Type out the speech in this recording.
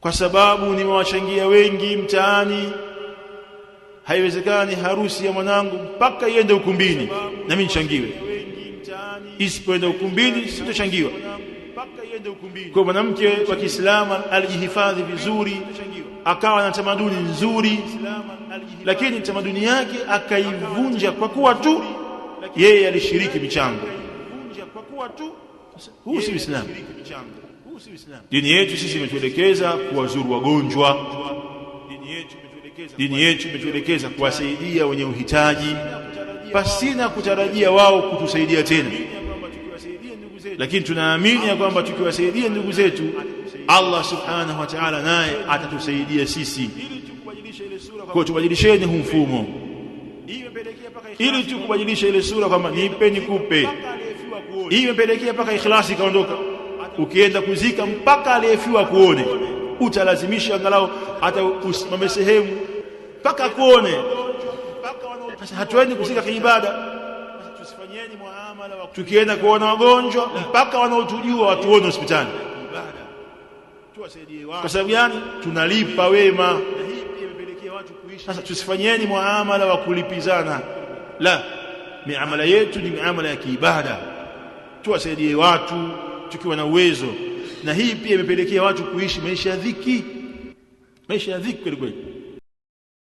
kwa sababu nimewachangia wengi mtaani haiwezekani harusi ya mwanangu mpaka iende ukumbini na mimi nichangiwe isipoenda ukumbini sitochangiwa kwa mwanamke wa Kiislamu alijihifadhi vizuri akawa na tamaduni nzuri lakini tamaduni yake akaivunja kwa kuwa tu yeye alishiriki michango huu si Uislamu Dini yetu sisi imetuelekeza kuwazuru wagonjwa, dini yetu imetuelekeza kuwasaidia wenye uhitaji pasina kutarajia wao kutusaidia tena, lakini tunaamini ya kwamba tukiwasaidia ndugu zetu Allah subhanahu wa ta'ala naye atatusaidia sisi. Kwa tubadilisheni huu mfumo, ili tu ile sura kwamba nipe nikupe, hii imepelekea mpaka ikhlasi ikaondoka ukienda kuzika mpaka aliyefiwa kuone, utalazimisha angalau hata usimame sehemu mpaka kuone. Sasa hatuendi kuzika kiibada, tusifanyeni muamala wa tukienda kuona wagonjwa mpaka wanaotujua watuone hospitali. Kwa sababu gani? Tunalipa wema. Sasa tusifanyeni muamala wa kulipizana, la, miamala yetu ni miamala ya kiibada, tuwasaidie watu tukiwa na uwezo, na hii pia imepelekea watu kuishi maisha ya dhiki, maisha ya dhiki kweli kweli.